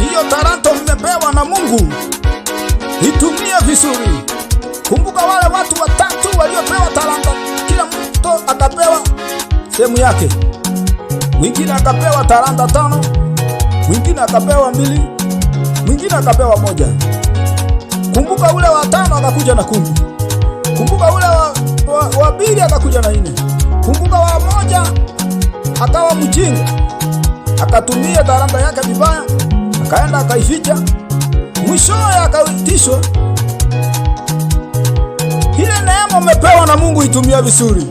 Hiyo talanta mmepewa na Mungu, itumie vizuri. Kumbuka wale watu watatu waliopewa talanta, kila mtu akapewa sehemu yake. Mwingine akapewa talanta tano, mwingine akapewa mbili, mwingine akapewa moja. Kumbuka ule wa tano akakuja na kumi. Kumbuka ule wa, wa, wa pili akakuja na nne akawa mchinga, akatumia talanta yake vibaya, akaenda akaificha, mwishowe akaitishwa. Ile neema umepewa na Mungu itumia vizuri.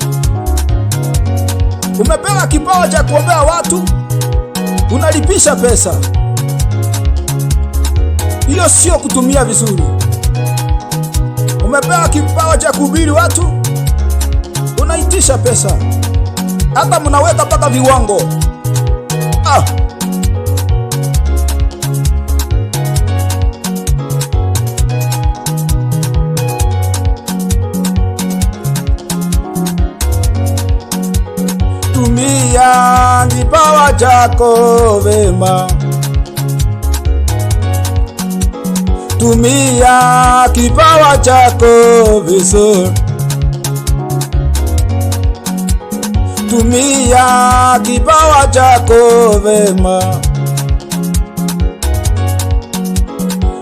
Umepewa kipawa cha kuombea watu, unalipisha pesa. Hiyo sio kutumia vizuri. Umepewa kipawa cha kuhubiri watu, unaitisha pesa hata mnaweka mpaka viwango ah. Tumia kipawa chako vema, tumia kipawa chako vizuri Tumia kipawa chako vema,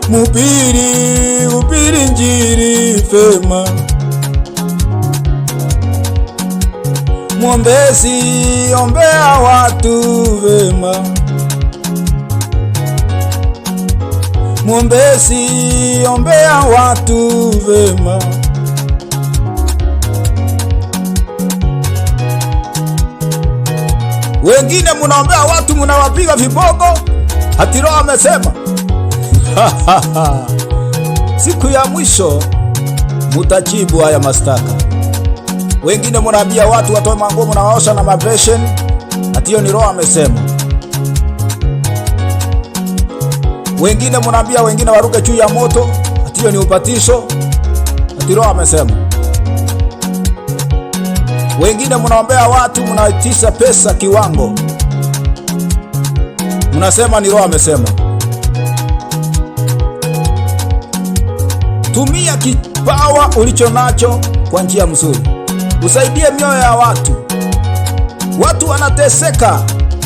mupiri upiri njiri fema, mwombezi ombea watu vema, mwombezi ombea watu vema wengine munaombea watu munawapiga viboko. Hati Roho amesema siku ya mwisho mutajibu haya mastaka Wengine munaambia watu watoe manguo, munawaosha na mabesheni. hatiyo ni Roho amesema. Wengine munaambia wengine waruke juu ya moto. hatiyo ni ubatisho. Hati Roho amesema. Wengine mnaombea watu, mnaitisha pesa kiwango, mnasema ni roho amesema. Tumia kipawa ulicho nacho kwa njia mzuri, usaidie mioyo ya watu. Watu wanateseka,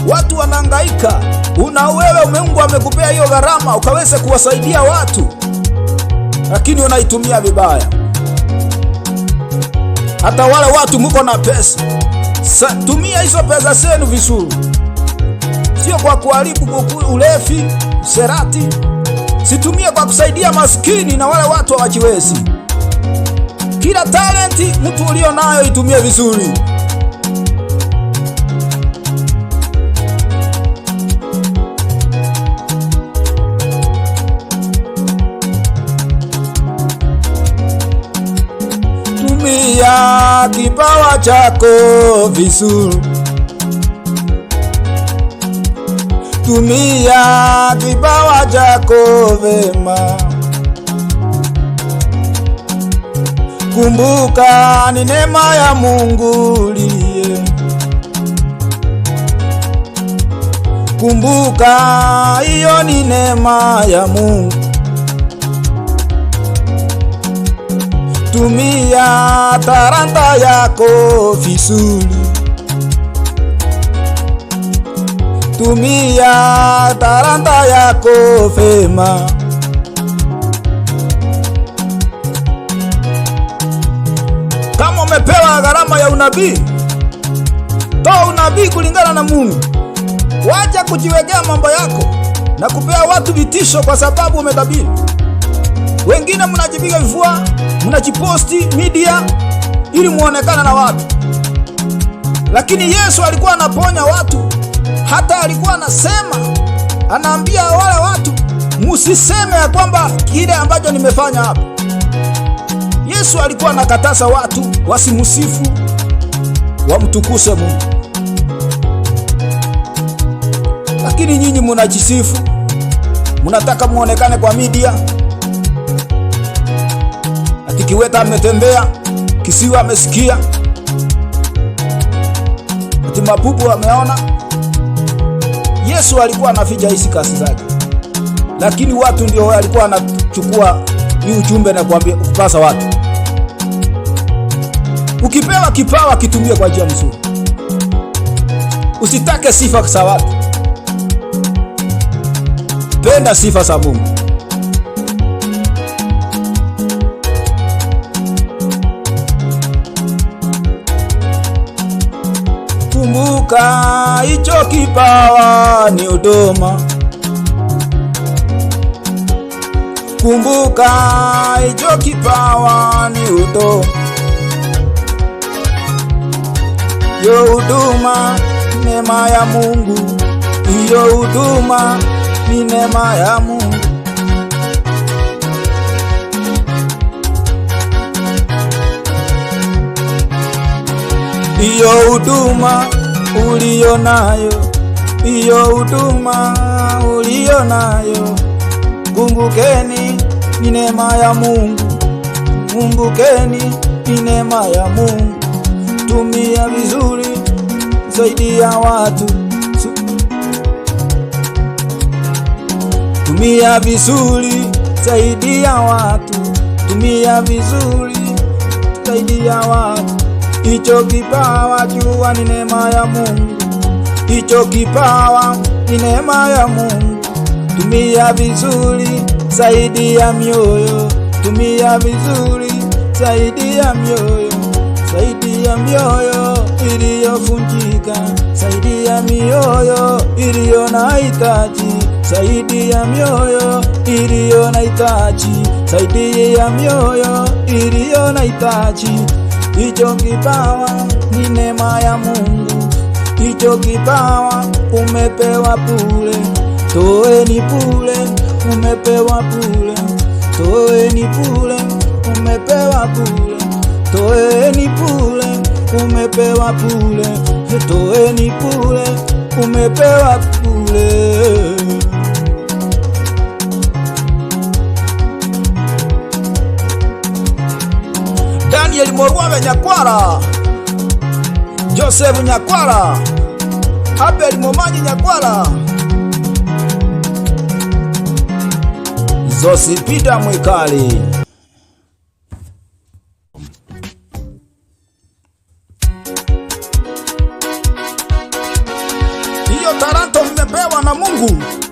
watu wanahangaika, una wewe, Mungu amekupea hiyo gharama ukaweze kuwasaidia watu, lakini unaitumia vibaya. Hata wale watu muko na pesa sa, tumia hizo pesa zenu vizuri, sio kwa kuharibu ulevi, serati, situmie kwa kusaidia maskini na wale watu hawajiwezi. Kila talenti mtu ulio nayo itumie vizuri. tumia kipawa chako vizuri, tumia kipawa chako vema. Kumbuka ni neema ya Mungu liye, kumbuka hiyo ni neema ya Mungu. tumia taranta yako vizuri, tumia taranta yako vema. Kama umepewa gharama ya unabii, toa unabii kulingana na Mungu. Wacha kujiwekea mambo yako na kupea watu vitisho kwa sababu umetabiri. Wengine mnajipiga vifua mnajiposti media ili muonekana na watu, lakini Yesu alikuwa anaponya watu, hata alikuwa anasema, anaambia wale watu, musiseme ya kwamba kile ambacho nimefanya hapa. Yesu alikuwa anakataza watu wasimusifu, wamtukuse Mungu, lakini nyinyi munajisifu, munataka muonekane kwa media kiweta ametembea, kisiwa amesikia, ati mabubu ameona. Yesu alikuwa anaficha hizi kazi zake, lakini watu ndio alikuwa anachukua hii ujumbe na kuambia kupasa watu. Ukipewa kipawa kitumie kwa njia nzuri, usitake sifa za watu, penda sifa za Mungu. kipawa ni huduma. Kumbuka hicho kipawa ni huduma, yo huduma neema ya Mungu, hiyo huduma ni neema ya Mungu. Iyo huduma uliyo nayo iyo huduma uliyo nayo. Kumbukeni ni neema ya Mungu, kumbukeni ni neema ya Mungu. Tumia vizuri, saidia watu, tumia vizuri, saidia watu, tumia vizuri, saidia watu. Icho kipawa jua ni neema ya Mungu hicho kipawa ni neema ya Mungu, tumia vizuri, zaidi ya mioyo, tumia vizuri, zaidi ya mioyo, zaidi ya mioyo iliyovunjika, zaidi ya mioyo iliyo na hitaji, zaidi ya mioyo iliyo na hitaji, zaidi ya mioyo iliyo na hitaji. Hicho kipawa ni neema ya Mungu hicho kipawa umepewa bure, toeni bure, umepewa bure, toeni bure, umepewa bure, toeni bure, umepewa bure, toeni bure, umepewa bure. Daniel Morwabe Benyakwara. Joseph Nyakwara, Abel Momanyi Nyakwara, Zosipita Mwikali. Hiyo taranto mmepewa na Mungu.